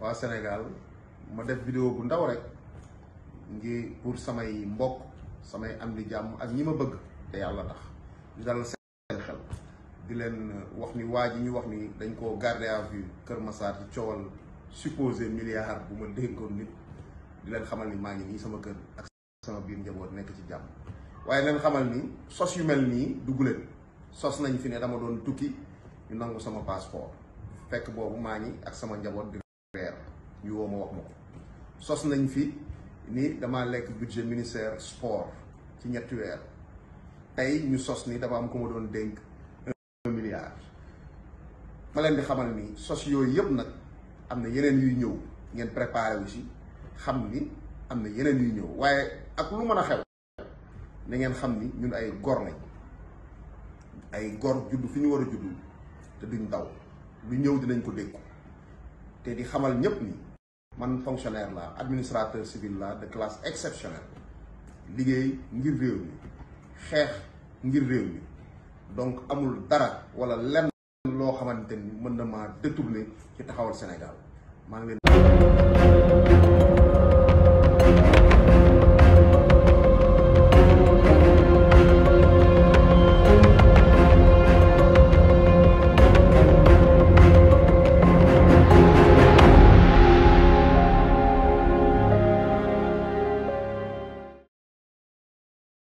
waa Sénégal ma def vidéo bu ndaw rek ngi pour samay mbokk samay am di jàmm ak ñi ma bëgg te yàlla tax ñu dalal seen xel di leen wax ni waa ji ñu wax ni dañ koo garder à vue Kër Massar ci coowal supposé milliard bu ma dénkoon nit di leen xamal ni maa ngi nii sama kër ak sama biir njaboot nekk ci jàmm waaye leen xamal ni sos yu mel nii dugg leen sos nañ fi ne dama doon tukki ñu nangu sama passeport fekk boobu maa ngi ak sama njaboot weer yu woo ma wax ma ko sos nañ fi ni dama lekk budget ministère sport ci ñetti weer tey ñu sos ni dafa am ku ma doon dénk un milliard ma leen di xamal ni sos yooyu yëpp nag am na yeneen yuy ñëw ngeen préparé wu si xam ni am na yeneen yuy ñëw waaye ak lu mën a xew na ngeen xam ni ñun ay gor lañ ay gor juddu fi ñu war a judd te duñ daw lu ñëw dinañ ko dékku te di xamal ñëpp ni man fonctionnaire la administrateur civil la de classe exceptionnelle liggéey ngir réew mi xeex ngir réew mi donc amul dara wala lenn loo xamante ni mën na ma détourner ci taxawal Sénégal maa ngi leen